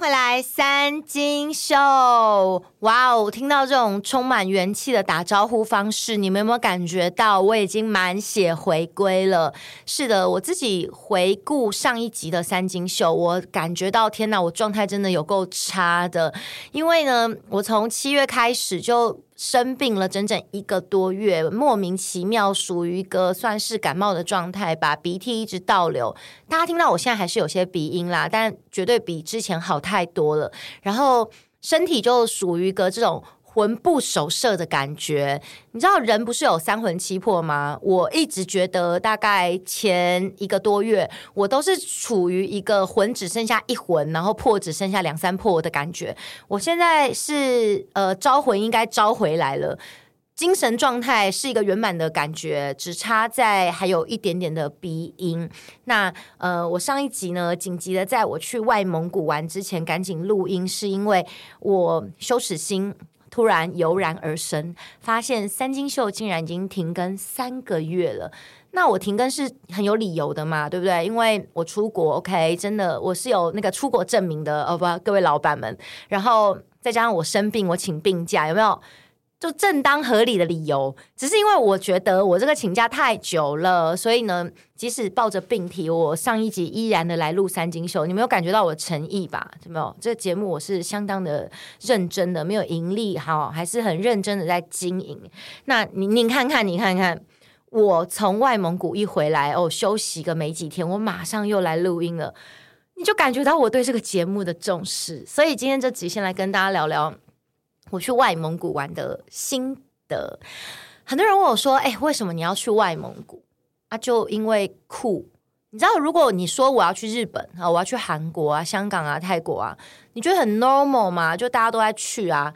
回來三金秀!哇哦！聽到這種充滿元氣的打招呼方式，你們有沒有感覺到我已經滿血回歸了？是的，我自己回顧上一集的三金秀，我感覺到天哪，我狀態真的有夠差的，因為呢，我從七月開始就。生病了整整一個多月，莫名其妙，屬於一個算是感冒的狀態吧，鼻涕一直倒流。大家聽到我現在還是有些鼻音啦，但絕對比之前好太多了。然後身體就屬於一個這種。魂不守舍的感覺，你知道人不是有三魂七魄嗎？我一直覺得，大概前一個多月，我都是處於一個魂只剩下一魂，然後魄只剩下兩三魄的感覺。我現在是呃招魂應該招回來了，精神狀態是一個圓滿的感覺，只差在還有一點點的鼻音。那呃，我上一集呢，緊急的在我去外蒙古玩之前趕緊錄音，是因為我羞恥心突然油然而生，發現《三金秀》竟然已經停更三個月了。那我停更是很有理由的嘛，對不對？因為我出國，OK，真的，我是有那個出國證明的。哦，不，各位老闆們，然後再加上我生病，我請病假，有沒有？就正當合理的理由，只是因為我覺得我這個請假太久了，所以呢，即使抱着病體，我上一集依然的來錄《三金秀》，你沒有感覺到我的誠意吧？有沒有？這個節目我是相當的認真的，沒有盈利哈，還是很認真的在經營。那你你看看你看看，我從外蒙古一回來哦，休息個沒幾天，我馬上又來錄音了，你就感覺到我對這個節目的重視。所以今天這集先來跟大家聊聊。我去外蒙古玩的心得。很多人問我說：“哎、欸，為什麼你要去外蒙古啊？”就因為酷，你知道，如果你說我要去日本啊、呃，我要去韓國啊，香港啊，泰國啊，你覺得很 normal 嗎？就大家都在去啊。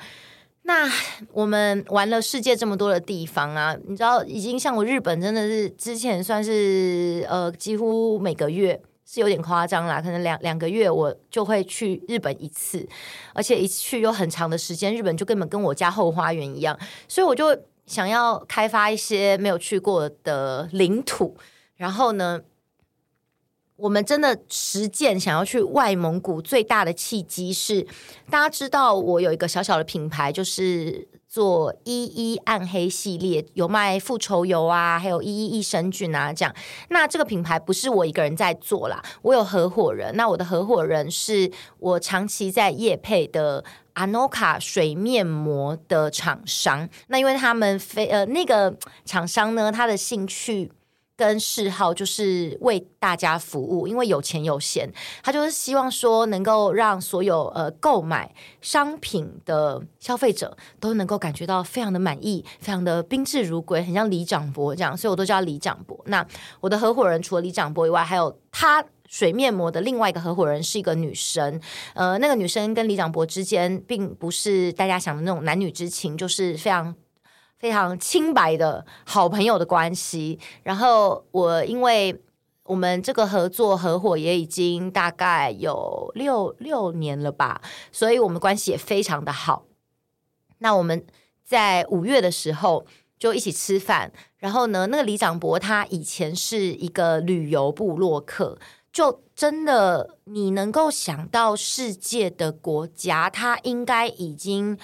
那我們玩了世界這麼多的地方啊，你知道，已經像我日本真的是之前算是呃，幾乎每個月。是有點誇張啦，可能兩兩個月我就會去日本一次，而且一去有很長的時間，日本就根本跟我家後花園一樣，所以我就想要開發一些沒有去過的領土。然後呢，我們真的實踐想要去外蒙古最大的契機是，大家知道我有一個小小的品牌就是。做一一暗黑系列，有賣復仇油啊，還有一一益生菌啊，這樣。那這個品牌不是我一個人在做啦，我有合夥人。那我的合夥人是我長期在業配的阿諾卡水面膜的廠商。那因為他們非，呃，那個廠商呢，他的興趣。跟嗜好，就是為大家服務，因為有錢有閒，他就是希望說能夠讓所有呃購買商品的消費者都能夠感覺到非常的滿意，非常的賓至如歸，很像里長伯這樣，所以我都叫里長伯。那我的合夥人除了里長伯以外，還有他水面膜的另外一個合夥人是一個女生，呃，那個女生跟里長伯之間並不是大家想的那種男女之情，就是非常。非常清白的好朋友的關係，然後我因為我們這個合作合夥也已經大概有六六年了吧，所以我們關係也非常的好。那我們在五月的時候就一起吃飯，然後呢，那個李長博他以前是一個旅遊部落客，就真的你能夠想到世界的國家，他應該已經。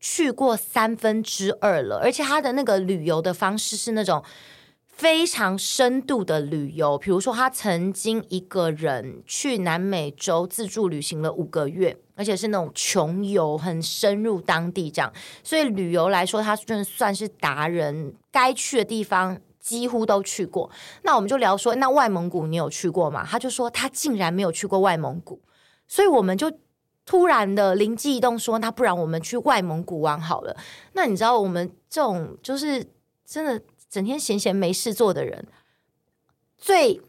去過三分之二了，而且他的那個旅遊的方式是那種非常深度的旅遊，比如說他曾經一個人去南美洲自助旅行了五個月，而且是那種窮游，很深入當地這樣。所以旅遊來說，他就算是達人，該去的地方幾乎都去過。那我們就聊說，那外蒙古你有去過嗎？他就說他竟然沒有去過外蒙古，所以我們就。突然的靈機一動，說：“那不然我們去外蒙古玩好了。”那你知道我們這種就是真的整天閒閒沒事做的人，最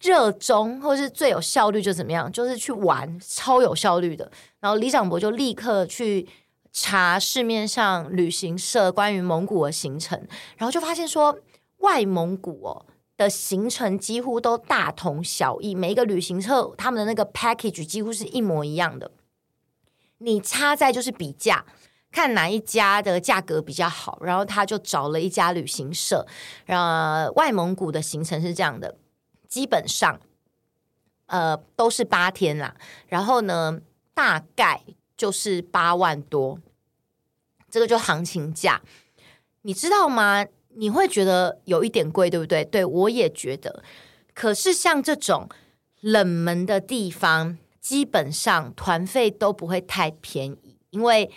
熱衷或是最有效率就怎麼樣，就是去玩，超有效率的。然後李長博就立刻去查市面上旅行社關於蒙古的行程，然後就發現說，外蒙古哦的行程幾乎都大同小異，每一個旅行社他們的那個 package 幾乎是一模一樣的。你差在就是比價，看哪一家的價格比較好，然後他就找了一家旅行社。呃，外蒙古的行程是這樣的，基本上，呃，都是八天啦。然後呢，大概就是八萬多，這個就行情價。你知道嗎？你會覺得有一點貴，對不對？對，我也覺得。可是像這種冷門的地方。基本上團費都不會太便宜，因為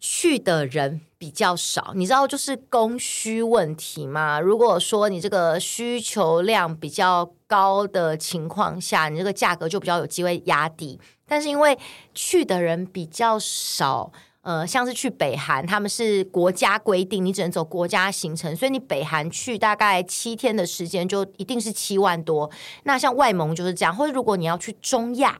去的人比較少，你知道就是供需問題嘛。如果說你這個需求量比較高的情況下，你這個價格就比較有機會壓低，但是因為去的人比較少。呃，像是去北韓，他們是國家規定，你只能走國家行程，所以你北韓去大概七天的時間，就一定是七萬多。那像外蒙就是這樣，或者如果你要去中亞，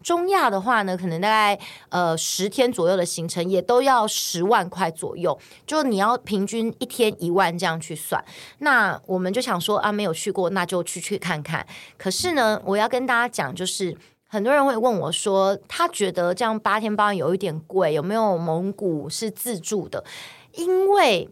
中亞的話呢，可能大概呃十天左右的行程也都要十萬塊左右，就你要平均一天一萬這樣去算。那我們就想說啊，沒有去過，那就去去看看。可是呢，我要跟大家講就是。很多人會問我說：“他覺得這樣八天八晚有一點貴，有沒有蒙古是自助的？因為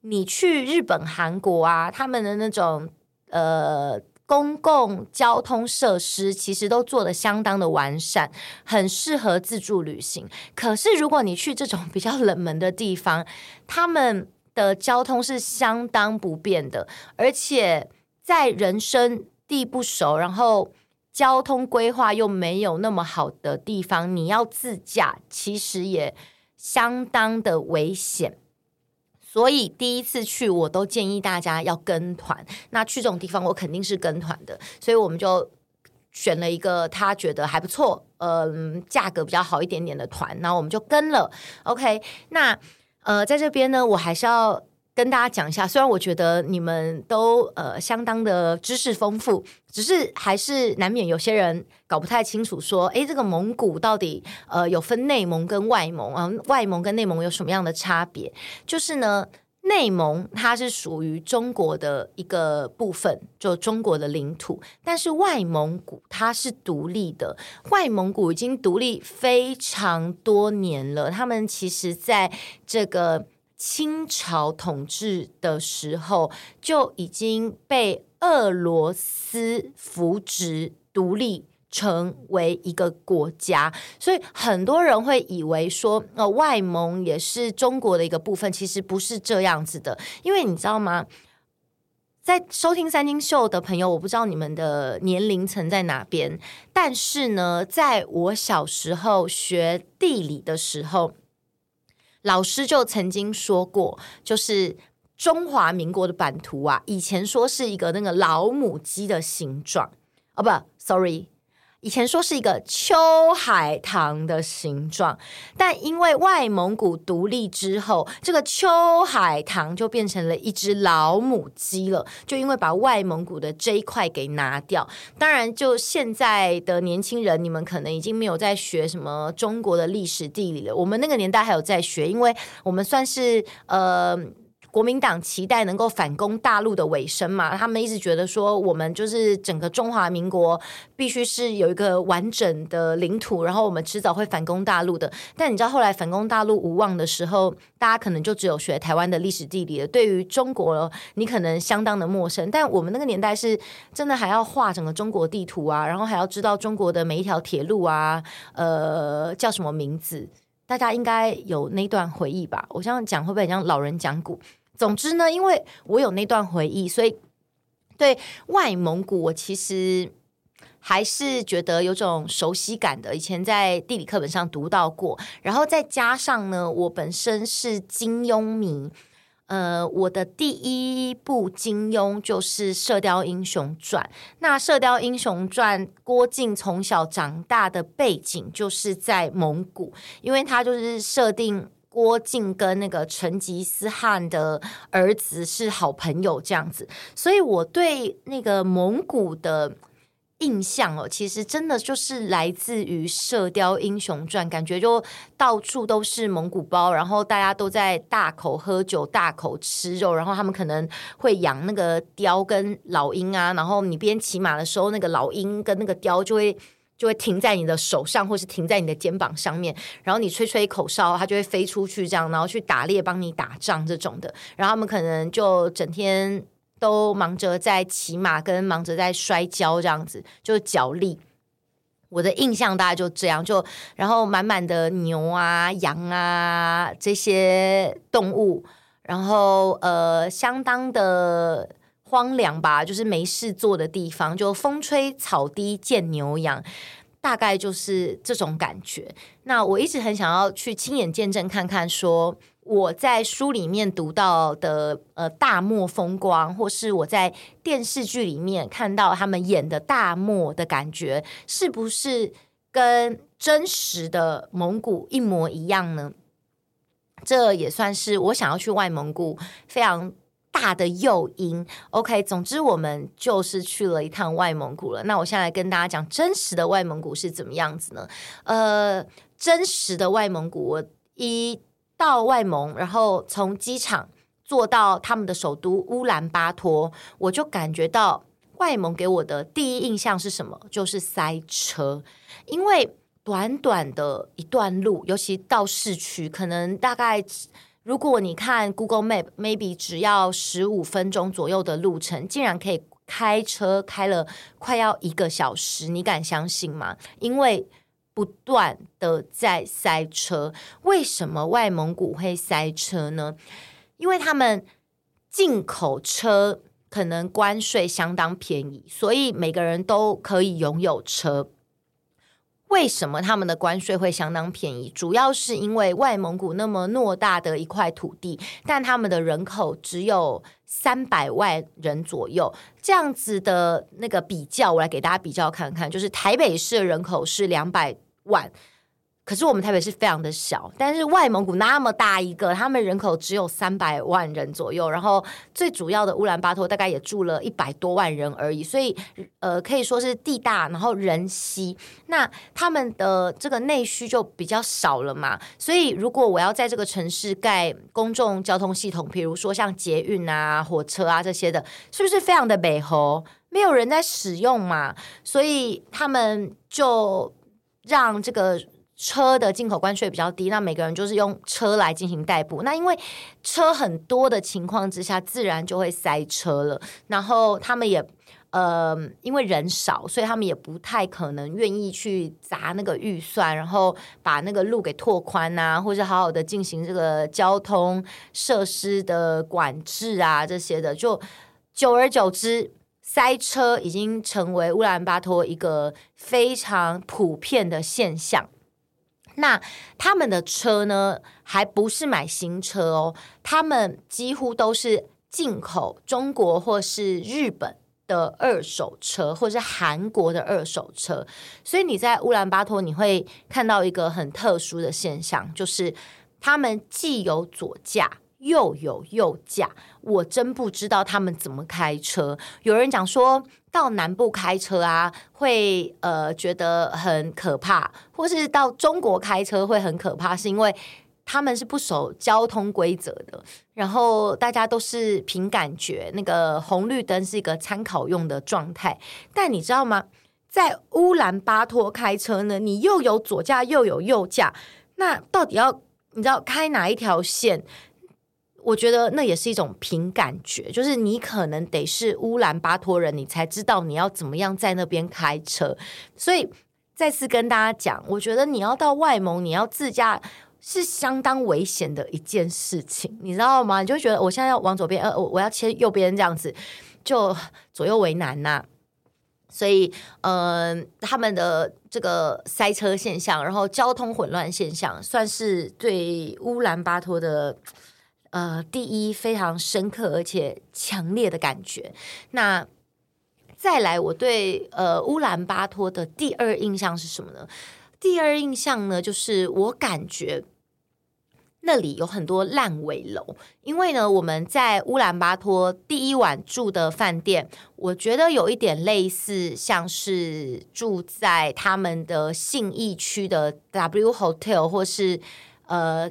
你去日本、韓國啊，他們的那種呃公共交通設施其實都做得相當的完善，很適合自助旅行。可是如果你去這種比較冷門的地方，他們的交通是相當不便的，而且在人生地不熟，然後。”交通規劃又沒有那麼好的地方，你要自駕其實也相當的危險，所以第一次去我都建議大家要跟團。那去這種地方，我肯定是跟團的，所以我們就選了一個他覺得還不錯，嗯，價格比較好一點點的團，那我們就跟了。OK，那呃，在這邊呢，我還是要。跟大家講一下，雖然我覺得你們都呃相當的知識豐富，只是還是難免有些人搞不太清楚。說，誒，這個蒙古到底呃有分內蒙跟外蒙啊？呃，外蒙跟內蒙有什麼樣的差別？就是呢，內蒙它是屬於中國的一個部分，就中國的領土；但是外蒙古它是獨立的，外蒙古已經獨立非常多年了。他們其實在這個。清朝統治的時候就已經被俄羅斯扶植獨立成為一個國家，所以很多人會以為說，呃，外蒙也是中國的一個部分，其實不是這樣子的。因為你知道嗎？在收聽三星秀的朋友，我不知道你們的年齡層在哪邊，但是呢，在我小時候學地理的時候。老師就曾經說過，就是中華民國的版圖啊，以前說是一個那個老母雞的形狀，哦、oh, 不，sorry。以前說是一個秋海棠的形狀，但因為外蒙古獨立之後，這個秋海棠就變成了一隻老母雞了。就因為把外蒙古的這一塊給拿掉，當然，就現在的年輕人，你們可能已經沒有在學什麼中國的歷史地理了。我們那個年代還有在學，因為我們算是呃。國民黨期待能夠反攻大陸的尾聲嘛。他們一直覺得說，我們就是整個中華民國必須是有一個完整的領土，然後我們遲早會反攻大陸的。但你知道後來反攻大陸無望的時候，大家可能就只有學台灣的歷史地理了。對於中國你可能相當的陌生。但我們那個年代是真的還要畫整個中國地圖啊，然後還要知道中國的每一條鐵路啊，呃，叫什麼名字？大家應該有那段回憶吧？我這樣講會不會很像老人講古？總之呢，因為我有那段回憶，所以對外蒙古，我其實還是覺得有種熟悉感的。以前在地理課本上讀到過，然後再加上呢，我本身是金庸迷，呃，我的第一部金庸就是《射鵰英雄傳》。那《射鵰英雄傳》，郭靖從小長大的背景就是在蒙古，因為他就是設定。郭靖跟那個成吉思汗的兒子是好朋友這樣子，所以我對那個蒙古的印象哦，其實真的就是來自於《射雕英雄傳》，感覺就到處都是蒙古包，然後大家都在大口喝酒、大口吃肉，然後他們可能會養那個雕跟老鷹啊，然後你邊騎馬的時候，那個老鷹跟那個雕就會。就會停在你的手上，或是停在你的肩膀上面，然後你吹吹口哨，它就會飛出去，這樣，然後去打獵，幫你打仗這種的。然後他們可能就整天都忙着在騎馬，跟忙着在摔跤這樣子，就角力。我的印象大概就這樣，就然後滿滿的牛啊、羊啊這些動物，然後呃，相當的。荒涼吧，就是沒事做的地方，就風吹草低見牛羊，大概就是這種感覺。那我一直很想要去親眼見證看看，說我在書裡面讀到的呃大漠風光，或是我在電視劇裡面看到他們演的大漠的感覺，是不是跟真實的蒙古一模一樣呢？這也算是我想要去外蒙古非常大的誘因，OK。總之，我們就是去了一趟外蒙古了。那我現在來跟大家講，真實的外蒙古是怎麼樣子呢？呃，真實的外蒙古，我一到外蒙，然後從機場坐到他們的首都烏蘭巴托，我就感覺到外蒙給我的第一印象是什麼？就是塞車。因為短短的一段路，尤其到市區，可能大概。如果你看 Google Map，maybe 只要十五分鐘左右的路程，竟然可以開車開了快要一個小時，你敢相信嗎？因為不斷的在塞車。為什麼外蒙古會塞車呢？因為他們進口車可能關稅相當便宜，所以每個人都可以擁有車。為什麼他們的關稅會相當便宜？主要是因為外蒙古那麼偌大的一塊土地，但他們的人口只有三百萬人左右。這樣子的那個比較，我來給大家比較看看，就是台北市的人口是兩百萬。可是我們台北是非常的小，但是外蒙古那麼大一個，他們人口只有三百萬人左右，然後最主要的烏蘭巴托大概也住了一百多萬人而已，所以呃可以說是地大，然後人稀，那他們的這個內需就比較少了嘛。所以如果我要在這個城市蓋公眾交通系統，比如說像捷運啊、火車啊這些的，是不是非常的美好？沒有人在使用嘛，所以他們就讓這個。車的進口關稅比較低，那每個人就是用車來進行代步。那因為車很多的情況之下，自然就會塞車了。然後他們也呃，因為人少，所以他們也不太可能願意去砸那個預算，然後把那個路給拓寬啊，或者好好的進行這個交通設施的管制啊這些的。就久而久之，塞車已經成為烏蘭巴托一個非常普遍的現象。那他們的車呢，還不是買新車哦，他們幾乎都是進口中國或是日本的二手車，或是韓國的二手車。所以你在烏蘭巴托你會看到一個很特殊的現象，就是他們既有左駕。又有右駕，我真不知道他們怎麼開車。有人講說到南部開車啊，會呃覺得很可怕，或是到中國開車會很可怕，是因為他們是不守交通規則的，然後大家都是憑感覺，那個紅綠燈是一個參考用的狀態。但你知道嗎？在烏蘭巴托開車呢，你又有左駕又有右駕，那到底要你知道開哪一條線？我覺得那也是一種憑感覺，就是你可能得是烏蘭巴托人，你才知道你要怎麼樣在那邊開車。所以再次跟大家講，我覺得你要到外蒙，你要自駕是相當危險的一件事情，你知道嗎？你就覺得我現在要往左邊，呃，我我要切右邊，這樣子就左右為難吶、啊。所以，嗯、呃，他們的這個塞車現象，然後交通混亂現象，算是對烏蘭巴托的。呃，第一非常深刻而且強烈的感覺。那再來，我對呃烏蘭巴托的第二印象是什麼呢？第二印象呢，就是我感覺那裡有很多爛尾樓，因為呢，我們在烏蘭巴托第一晚住的飯店，我覺得有一點類似，像是住在他們的信義區的 W Hotel，或是呃。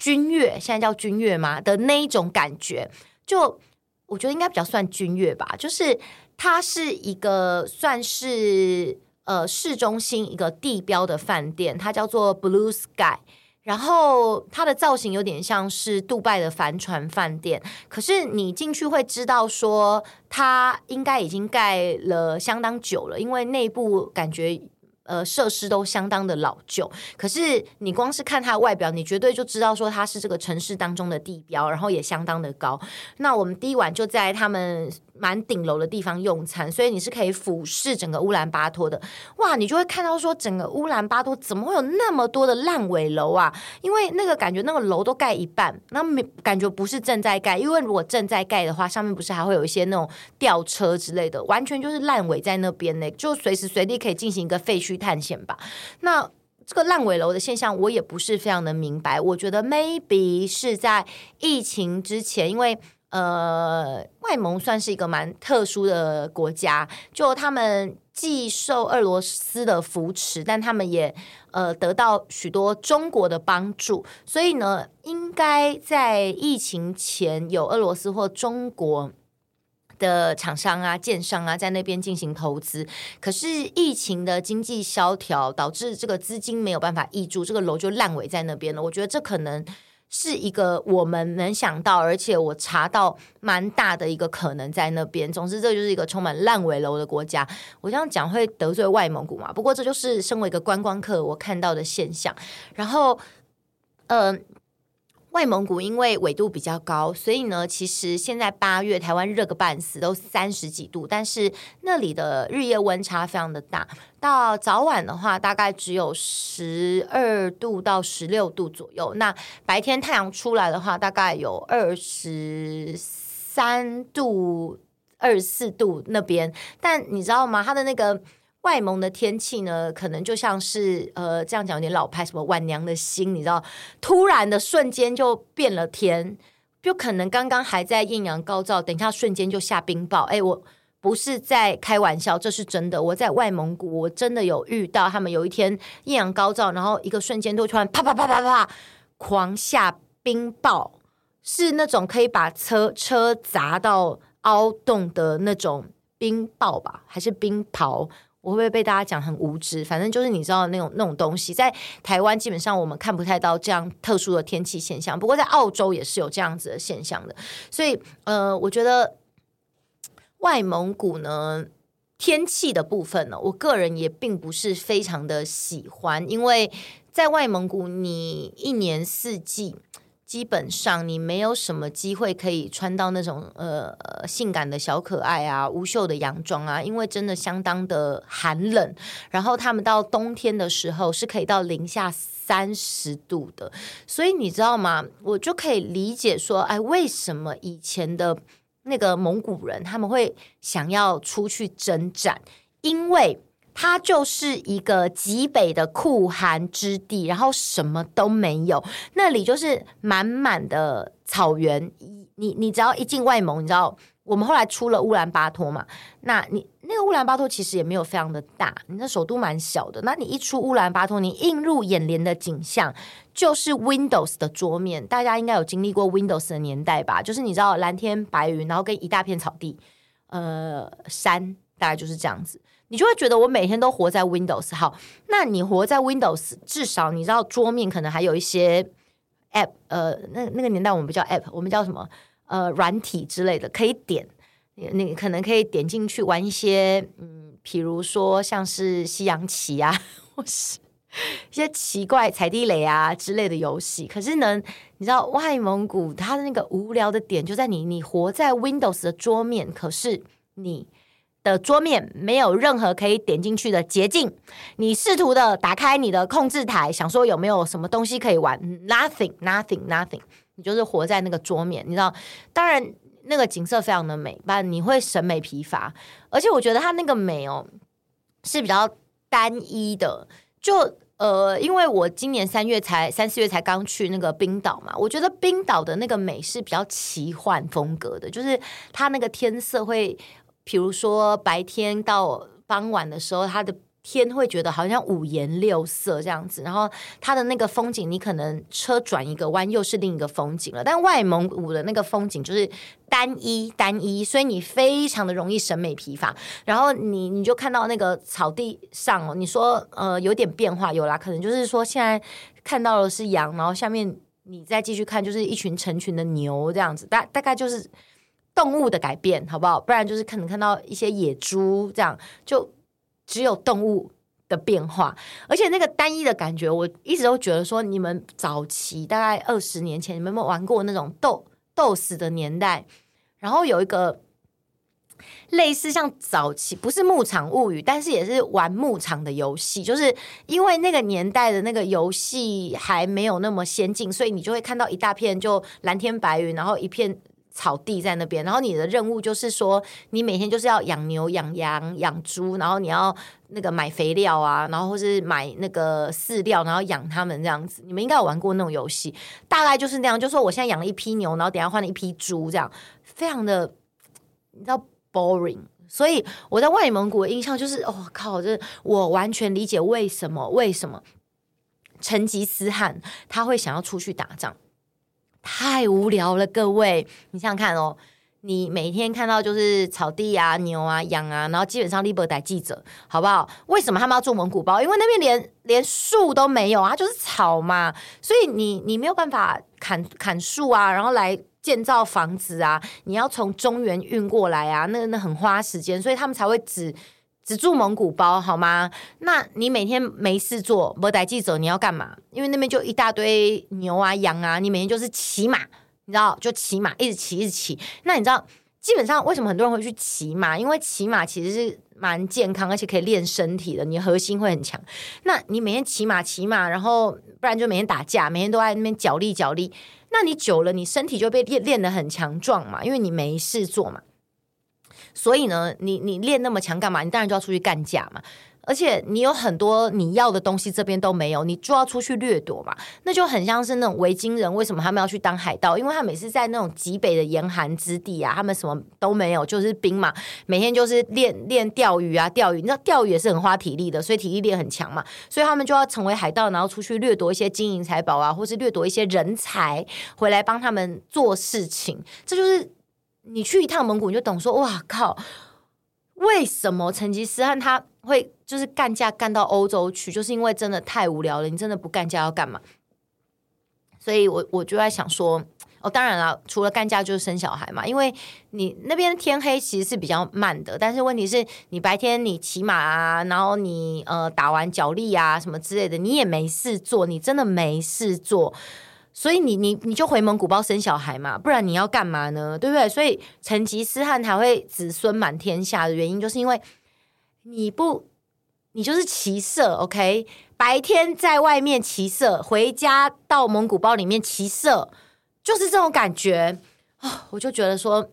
君悅，現在叫君悅嗎？的那一種感覺，就我覺得應該比較算君悅吧。就是它是一個算是呃市中心一個地標的飯店，它叫做 Blue Sky，然後它的造型有點像是杜拜的帆船飯店。可是你進去會知道說，它應該已經蓋了相當久了，因為內部感覺。呃，設施都相當的老舊，可是你光是看它的外表，你絕對就知道說它是這個城市當中的地標，然後也相當的高。那我們第一晚就在他們。蠻頂樓的地方用餐，所以你是可以俯視整個烏蘭巴托的。哇，你就會看到說，整個烏蘭巴托怎麼會有那麼多的爛尾樓啊？因為那個感覺，那個樓都蓋一半，那沒感覺不是正在蓋，因為如果正在蓋的話，上面不是還會有一些那種吊車之類的，完全就是爛尾在那邊呢，就隨時隨地可以進行一個廢墟探險吧。那這個爛尾樓的現象，我也不是非常的明白。我覺得 maybe 是在疫情之前，因為。呃，外蒙算是一個蠻特殊的國家，就他們既受俄羅斯的扶持，但他們也呃得到許多中國的幫助，所以呢，應該在疫情前有俄羅斯或中國的廠商啊、建商啊在那邊進行投資。可是疫情的經濟蕭條導致這個資金沒有辦法挹注，這個樓就爛尾在那邊了。我覺得這可能。是一個我們能想到，而且我查到蠻大的一個可能在那邊。總之，這就是一個充滿爛尾樓的國家。我這樣講會得罪外蒙古嘛？不過這就是身為一個觀光客我看到的現象。然後，嗯、呃。外蒙古因為緯度比較高，所以呢，其實現在八月台灣熱個半死，都三十幾度，但是那裡的日夜溫差非常的大，到早晚的話大概只有十二度到十六度左右。那白天太陽出來的話，大概有二十三度、二十四度那邊。但你知道嗎？它的那個。外蒙的天氣呢，可能就像是呃，這樣講有點老派，什麼晚娘的心，你知道，突然的瞬間就變了天，就可能剛剛還在豔陽高照，等一下瞬間就下冰雹。哎、欸，我不是在開玩笑，這是真的。我在外蒙古，我真的有遇到他們有一天豔陽高照，然後一個瞬間都突然啪啪啪啪啪啪狂下冰雹，是那種可以把車車砸到凹洞的那種冰雹吧，還是冰雹？我會不會被大家講很無知？反正就是你知道的那種那種東西，在台灣基本上我們看不太到這樣特殊的天氣現象。不過在澳洲也是有這樣子的現象的，所以呃，我覺得外蒙古呢，天氣的部分呢，我個人也並不是非常的喜歡，因為在外蒙古你一年四季，基本上你沒有什麼機會可以穿到那種呃性感的小可愛啊、無袖的洋裝啊，因為真的相當的寒冷。然後他們到冬天的時候是可以到零下三十度的，所以你知道嗎？我就可以理解說，哎，為什麼以前的那個蒙古人他們會想要出去征戰？因為它就是一個極北的酷寒之地，然後什麼都沒有，那裡就是滿滿的草原。你你只要一進外蒙，你知道我們後來出了烏蘭巴托嘛？那你那個烏蘭巴托其實也沒有非常的大，你那首都蠻小的。那你一出烏蘭巴托，你映入眼簾的景象就是 Windows 的桌面。大家應該有經歷過 Windows 的年代吧？就是你知道藍天白雲，然後跟一大片草地，呃，山大概就是這樣子。你就會覺得我每天都活在 Windows。好，那你活在 Windows，至少你知道桌面可能還有一些 App，呃，那那個年代我們不叫 App，我們叫什麼？呃，軟體之類的，可以點，你你可能可以點進去玩一些，嗯，比如說像是西洋棋啊，或是一些奇怪踩地雷啊之類的遊戲。可是呢，你知道，外蒙古它的那個無聊的點就在你，你活在 Windows 的桌面，可是你，的桌面沒有任何可以點進去的捷徑，你試圖的打開你的控制台，想說有沒有什麼東西可以玩，nothing，nothing，nothing nothing, nothing。你就是活在那個桌面，你知道？當然，那個景色非常的美，但你會審美疲乏。而且，我覺得它那個美哦是比較單一的。就呃，因為我今年三月才三四月才剛去那個冰島嘛，我覺得冰島的那個美是比較奇幻風格的，就是它那個天色會。比如說白天到傍晚的時候，它的天會覺得好像五顏六色這樣子，然後它的那個風景，你可能車轉一個彎又是另一個風景了。但外蒙古的那個風景就是單一單一，所以你非常的容易審美疲乏。然後你你就看到那個草地上，哦，你說呃有點變化，有啦，可能就是說現在看到的是羊，然後下面你再繼續看就是一群成群的牛這樣子，大大概就是。動物的改變，好不好？不然就是可能看到一些野豬這樣，就只有動物的變化，而且那個單一的感覺，我一直都覺得說，你們早期大概二十年前，你們有沒有玩過那種鬥鬥死的年代？然後有一個類似像早期不是牧場物語，但是也是玩牧場的遊戲，就是因為那個年代的那個遊戲還沒有那麼先進，所以你就會看到一大片就藍天白雲，然後一片。草地在那邊，然後你的任務就是說，你每天就是要養牛、養羊、養豬，然後你要那個買肥料啊，然後或是買那個飼料，然後養他們這樣子。你們應該有玩過那種遊戲，大概就是那樣。就是說我現在養了一批牛，然後等下換了一批豬，這樣非常的你知道 boring。所以我在外蒙古的印象就是，哦靠，這我完全理解為什麼為什麼成吉思汗他會想要出去打仗。太無聊了，各位，你想想看哦，你每天看到就是草地啊、牛啊、羊啊，然後基本上立 i b 逮記者，好不好？為什麼他們要住蒙古包？因為那邊連連樹都沒有，啊，就是草嘛，所以你你沒有辦法砍砍樹啊，然後來建造房子啊，你要從中原運過來啊，那那很花時間，所以他們才會只。只住蒙古包好嗎？那你每天沒事做，不逮記者，你要幹嘛？因為那邊就一大堆牛啊、羊啊，你每天就是騎馬，你知道，就騎馬一直騎，一直騎，一直騎。那你知道，基本上為什麼很多人會去騎馬？因為騎馬其實是蠻健康，而且可以練身體的，你核心會很強。那你每天騎馬騎馬，然後不然就每天打架，每天都在那邊角力角力，那你久了，你身體就被練練得很強壯嘛，因為你沒事做嘛。所以呢，你你練那麼強幹嘛？你當然就要出去幹架嘛！而且你有很多你要的東西，這邊都沒有，你就要出去掠奪嘛。那就很像是那種維京人，為什麼他們要去當海盜？因為他每次在那種極北的嚴寒之地啊，他們什麼都沒有，就是冰嘛。每天就是練練釣魚啊，釣魚，你知道釣魚也是很花體力的，所以體力也很強嘛。所以他們就要成為海盜，然後出去掠奪一些金銀財寶啊，或是掠奪一些人才回來幫他們做事情。這就是。你去一趟蒙古，你就懂說哇靠！為什麼成吉思汗他會就是幹架幹到歐洲去？就是因為真的太無聊了，你真的不幹架要幹嘛？所以我我就在想說，哦，當然了，除了幹架就是生小孩嘛。因為你那邊天黑其實是比較慢的，但是問題是，你白天你騎馬啊，然後你呃打完角力啊什麼之類的，你也沒事做，你真的沒事做。所以你你你就回蒙古包生小孩嘛，不然你要幹嘛呢？對不對？所以成吉思汗還會子孫滿天下的原因，就是因為你不，你就是騎射。OK，白天在外面騎射，回家到蒙古包裡面騎射，就是這種感覺，哦，我就覺得說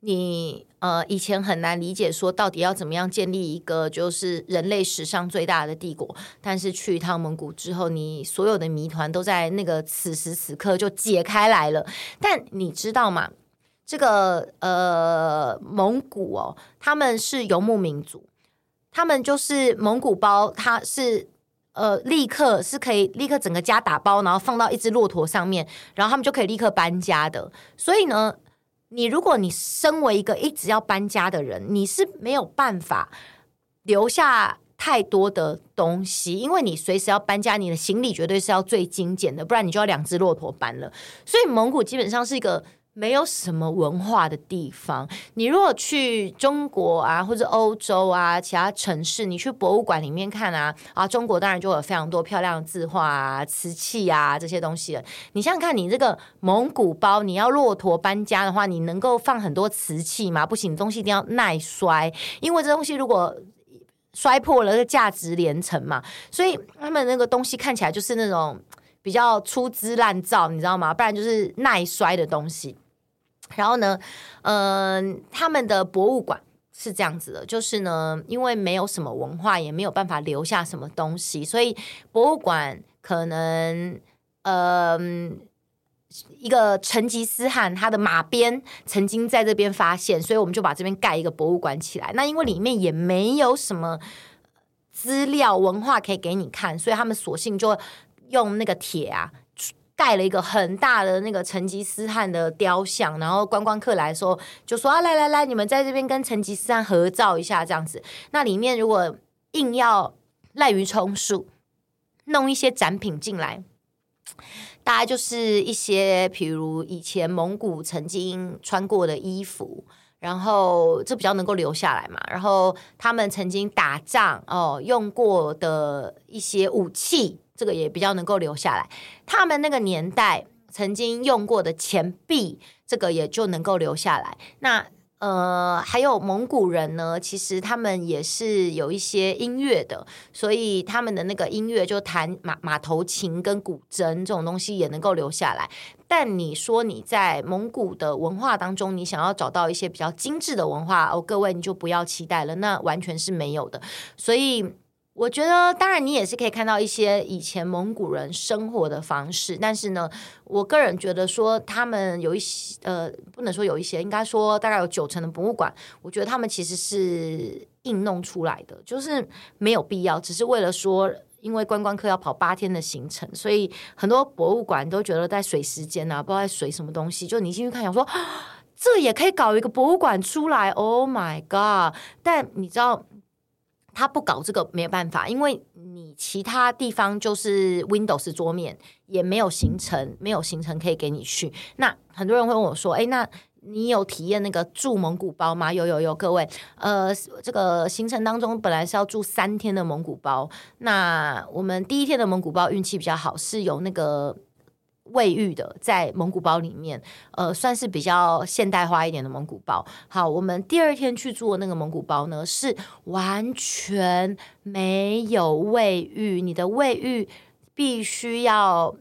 你。呃，以前很難理解說到底要怎麼樣建立一個就是人類史上最大的帝國，但是去一趟蒙古之後，你所有的謎團都在那個此時此刻就解開來了。但你知道嗎？這個呃，蒙古哦，他們是游牧民族，他們就是蒙古包，他是呃，立刻是可以立刻整個家打包，然後放到一隻駱駝上面，然後他們就可以立刻搬家的。所以呢，你如果你身為一個一直要搬家的人，你是沒有辦法留下太多的東西，因為你隨時要搬家，你的行李絕對是要最精簡的，不然你就要兩隻駱駝搬了。所以蒙古基本上是一個沒有什麼文化的地方，你如果去中國啊，或者歐洲啊，其他城市，你去博物館裡面看啊啊，中國當然就有非常多漂亮的字畫啊、瓷器啊這些東西了。你想想看，你這個蒙古包，你要駱駝搬家的話，你能夠放很多瓷器嗎？不行，東西一定要耐摔，因為這東西如果摔破了，價值連城嘛。所以他們那個東西看起來就是那種比較粗制濫造，你知道嗎？不然就是耐摔的東西。然後呢，嗯，他們的博物館是這樣子的，就是呢，因為沒有什麼文化，也沒有辦法留下什麼東西，所以博物館可能，嗯，一個成吉思汗他的馬鞭曾經在這邊發現，所以我們就把這邊蓋一個博物館起來。那因為裡面也沒有什麼資料文化可以給你看，所以他們索性就用那個鐵啊。蓋了一個很大的那個成吉思汗的雕像，然後觀光客來的時候就說啊，來來來，你們在這邊跟成吉思汗合照一下這樣子。那裡面如果硬要濫竽充數，弄一些展品進來，大概就是一些譬如以前蒙古曾經穿過的衣服，然後這比較能夠留下來嘛。然後他們曾經打仗哦用過的一些武器。這個也比較能夠留下來，他們那個年代曾經用過的錢幣，這個也就能夠留下來。那呃，還有蒙古人呢，其實他們也是有一些音樂的，所以他們的那個音樂就彈馬馬頭琴跟古箏這種東西也能夠留下來。但你說你在蒙古的文化當中，你想要找到一些比較精緻的文化，哦，各位你就不要期待了，那完全是沒有的。所以。我覺得，當然你也是可以看到一些以前蒙古人生活的方式，但是呢，我個人覺得說他們有一些呃，不能說有一些，應該說大概有九成的博物館，我覺得他們其實是硬弄出來的，就是沒有必要，只是為了說，因為觀光客要跑八天的行程，所以很多博物館都覺得在水時間啊，不知道在水什麼東西，就你進去看，想說這也可以搞一個博物館出來，Oh my god！但你知道。他不搞這個沒有辦法，因為你其他地方就是 Windows 桌面也沒有行程，沒有行程可以給你去。那很多人會問我說：“誒，那你有體驗那個住蒙古包嗎？”有有有，各位，呃，這個行程當中本來是要住三天的蒙古包，那我們第一天的蒙古包運氣比較好，是有那個。衛浴的在蒙古包裡面，呃，算是比較現代化一點的蒙古包。好，我們第二天去做那個蒙古包呢，是完全沒有衛浴，你的衛浴必須要。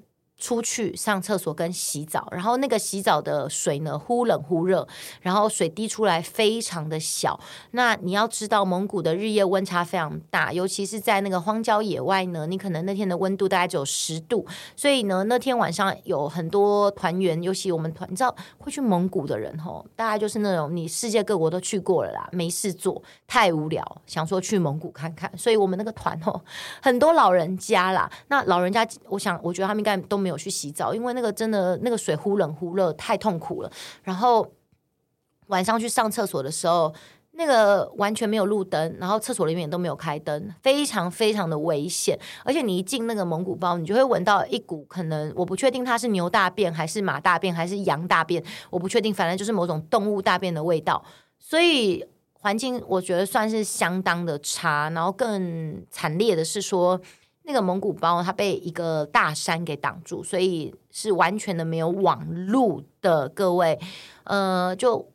出去上廁所跟洗澡，然後那個洗澡的水呢，忽冷忽熱，然後水滴出來非常的小。那你要知道，蒙古的日夜溫差非常大，尤其是在那個荒郊野外呢，你可能那天的溫度大概只有十度，所以呢，那天晚上有很多團員，尤其我們團，你知道，會去蒙古的人吼，大概就是那種你世界各國都去過了啦，沒事做，太無聊，想說去蒙古看看，所以我們那個團吼，很多老人家啦，那老人家，我想我覺得他們應該都沒有。我去洗澡，因為那個真的那個水忽冷忽熱，太痛苦了。然後晚上去上廁所的時候，那個完全沒有路燈，然後廁所裡面也都沒有開燈，非常非常的危險。而且你一進那個蒙古包，你就會聞到一股可能我不確定它是牛大便還是馬大便還是羊大便，我不確定，反正就是某種動物大便的味道。所以環境我覺得算是相當的差，然後更慘烈的是說，那個蒙古包，它被一個大山給擋住，所以是完全的沒有網路的。各位，呃，就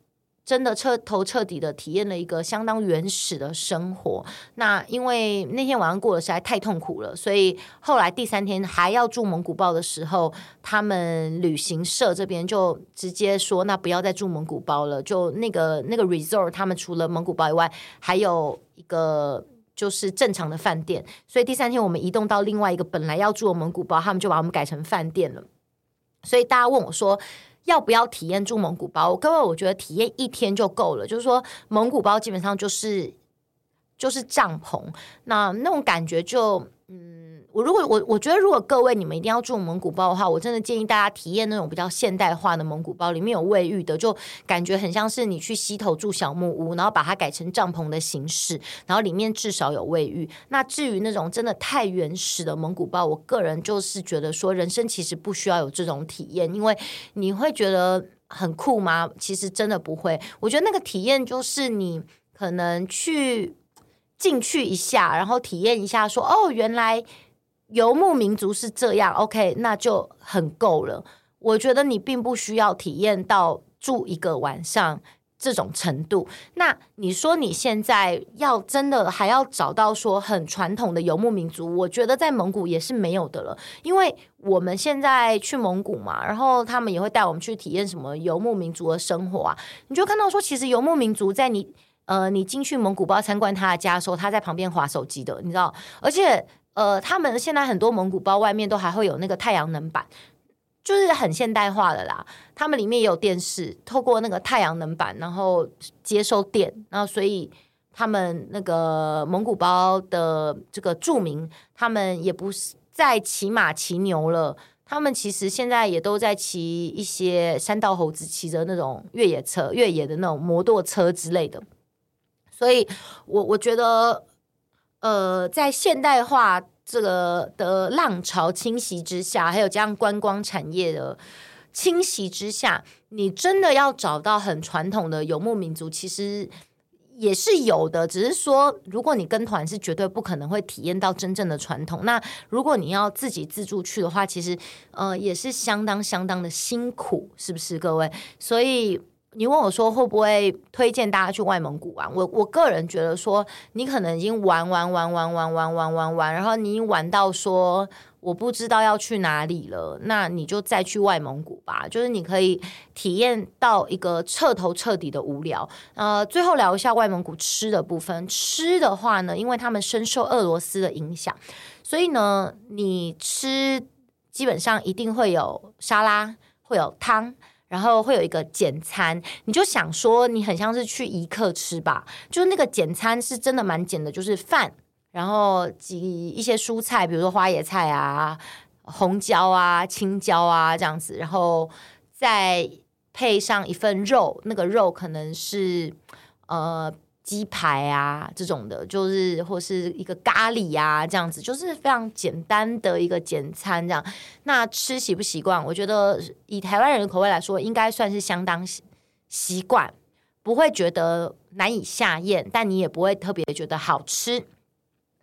真的徹頭徹底的體驗了一個相當原始的生活。那因為那天晚上過得實在太痛苦了，所以後來第三天還要住蒙古包的時候，他們旅行社這邊就直接說，那不要再住蒙古包了。就那個那個 resort，他們除了蒙古包以外，還有一個。就是正常的飯店，所以第三天我們移動到另外一個本來要住的蒙古包，他們就把我們改成飯店了。所以大家問我說要不要體驗住蒙古包？各位，我覺得體驗一天就夠了。就是說蒙古包基本上就是就是帳篷，那那種感覺就嗯。我如果我我覺得，如果各位你們一定要住蒙古包的話，我真的建議大家體驗那種比較現代化的蒙古包，裡面有衛浴的,就感覺很像是你去溪頭住小木屋,然後把它改成帳篷的形式,然後裡面至少有衛浴。那至於那種真的太原始的蒙古包,我個人就是覺得說,人生其實不需要有這種體驗,因為你會覺得很酷嗎?其實真的不會。我覺得那個體驗就是你可能去進去一下,然後體驗一下說,說哦,原來。遊牧民族是這樣，OK，那就很夠了。我覺得你並不需要體驗到住一個晚上這種程度。那你說你現在要真的還要找到說很傳統的遊牧民族，我覺得在蒙古也是沒有的了。因為我們現在去蒙古嘛，然後他們也會帶我們去體驗什麼遊牧民族的生活啊。你就看到說，其實遊牧民族在你呃你進去蒙古包參觀他的家的時候，他在旁邊滑手機的，你知道，而且。呃，他們現在很多蒙古包外面都還會有那個太陽能板，就是很現代化的啦。他們裡面也有電視，透過那個太陽能板，然後接收電。然後，所以他們那個蒙古包的這個住民，他們也不是在騎馬騎牛了，他們其實現在也都在騎一些山道猴子，騎着那種越野車、越野的那種摩托車之類的。所以我我覺得。呃，在現代化這個的浪潮侵襲之下，還有這樣觀光產業的侵襲之下，你真的要找到很傳統的游牧民族，其實也是有的，只是說，如果你跟團是絕對不可能會體驗到真正的傳統。那如果你要自己自助去的話，其實呃也是相當相當的辛苦，是不是各位？所以。你問我說會不會推薦大家去外蒙古玩？我我個人覺得說，你可能已經玩玩玩玩玩玩玩玩玩，然後你已經玩到說我不知道要去哪裡了，那你就再去外蒙古吧。就是你可以體驗到一個徹頭徹底的無聊。呃，最後聊一下外蒙古吃的部分。吃的話呢，因為他們深受俄羅斯的影響，所以呢，你吃基本上一定會有沙拉，會有湯。然後會有一個簡餐，你就想說你很像是去一客吃吧，就那個簡餐是真的蠻簡的，就是飯，然後幾一些蔬菜，比如說花椰菜啊、紅椒啊、青椒啊這樣子，然後再配上一份肉，那個肉可能是呃。雞排啊，這種的，就是或是一個咖喱啊，這樣子，就是非常簡單的一個簡餐這樣。那吃習不習慣？我覺得以台灣人口味來說，應該算是相當習慣，不會覺得難以下嚥，但你也不會特別覺得好吃。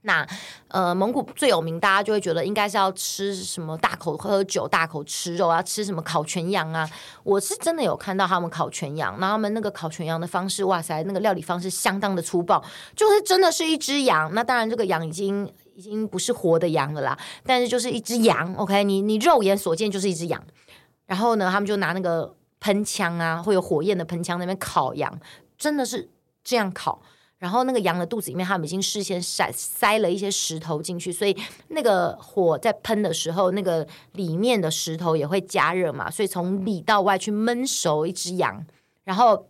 那，呃，蒙古最有名，大家就會覺得應該是要吃什麼大口喝酒、大口吃肉啊，吃什麼烤全羊啊。我是真的有看到他們烤全羊，那他們那個烤全羊的方式，哇塞，那個料理方式相當的粗暴，就是真的是一隻羊。那當然，這個羊已經已經不是活的羊了啦，但是就是一隻羊。OK，你你肉眼所見就是一隻羊。然後呢，他們就拿那個噴槍啊，會有火焰的噴槍那邊烤羊，真的是這樣烤。然後那個羊的肚子裡面，他們已經事先塞塞了一些石頭進去，所以那個火在噴的時候，那個裡面的石頭也會加熱嘛，所以從裡到外去燜熟一只羊，然後。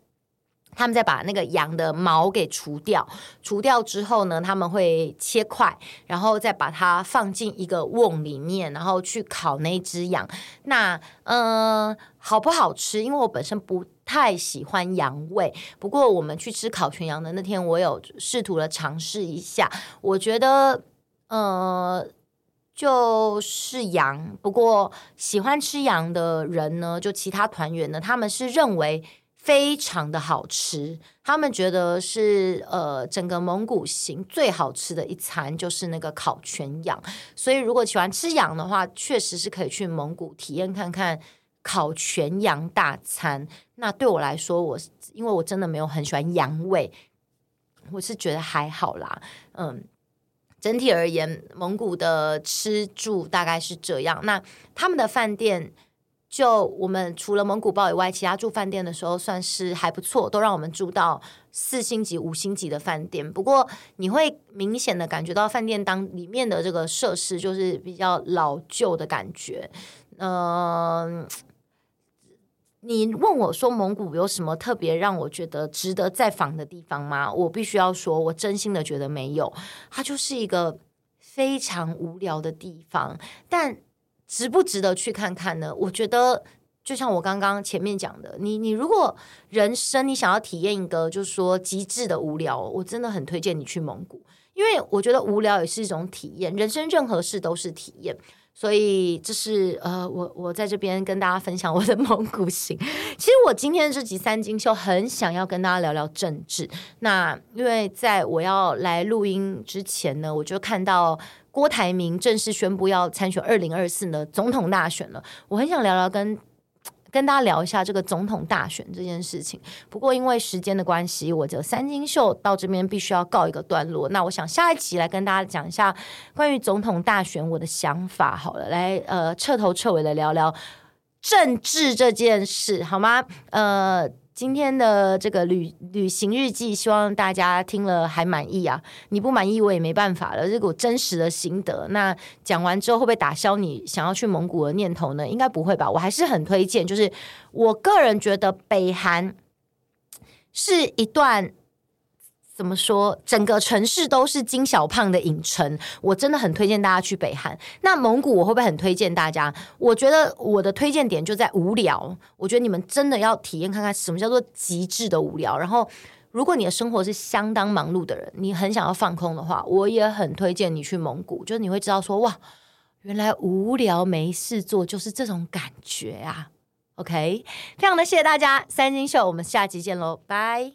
他們再把那個羊的毛給除掉，除掉之後呢，他們會切塊，然後再把它放進一個甕裡面，然後去烤那隻羊。那嗯、呃，好不好吃？因為我本身不太喜歡羊味，不過我們去吃烤全羊的那天，我有試圖了嘗試一下。我覺得，嗯、呃，就是羊。不過喜歡吃羊的人呢，就其他團員呢，他們是認為。非常的好吃，他們覺得是呃整個蒙古行最好吃的一餐，就是那個烤全羊，所以如果喜歡吃羊的話，確實是可以去蒙古體驗看看烤全羊大餐。那對我來說，我因為我真的沒有很喜歡羊味，我是覺得還好啦。嗯，整體而言，蒙古的吃住大概是這樣。那他們的飯店。就我們除了蒙古包以外，其他住飯店的時候算是還不錯，都讓我們住到四星級、五星級的飯店。不過你會明顯的感覺到飯店當裡面的這個設施就是比較老舊的感覺。嗯、呃，你問我說蒙古有什麼特別讓我覺得值得再訪的地方嗎？我必須要說，我真心的覺得沒有，它就是一個非常無聊的地方。但值不值得去看看呢？我覺得就像我剛剛前面講的，你你如果人生你想要體驗一個就是說極致的無聊，我真的很推薦你去蒙古，因為我覺得無聊也是一種體驗，人生任何事都是體驗，所以這是呃我我在這邊跟大家分享我的蒙古行。其實我今天這集三金秀很想要跟大家聊聊政治，那因為在我要來錄音之前呢，我就看到。郭台銘正式宣布要參選二零二四的總統大選了，我很想聊聊跟跟大家聊一下這個總統大選這件事情。不過因為時間的關係，我這三金秀到這邊必須要告一個段落。那我想下一集來跟大家講一下關於總統大選我的想法，好了，來呃，徹頭徹尾的聊聊政治這件事，好嗎？呃。今天的這個旅旅行日記，希望大家聽了還滿意啊！你不滿意我也沒辦法了，這是真實的心得。那講完之後會不會打消你想要去蒙古的念頭呢？應該不會吧，我還是很推薦，就是我個人覺得北韓是一段。怎麼說？整個城市都是金小胖的影城，我真的很推薦大家去北韓。那蒙古我會不會很推薦大家？我覺得我的推薦點就在無聊。我覺得你們真的要體驗看看什麼叫做極致的無聊。然後，如果你的生活是相當忙碌的人，你很想要放空的話，我也很推薦你去蒙古，就是你會知道說哇，原來無聊沒事做就是這種感覺啊。OK，非常的謝謝大家，三金秀，我們下集見嘍，拜。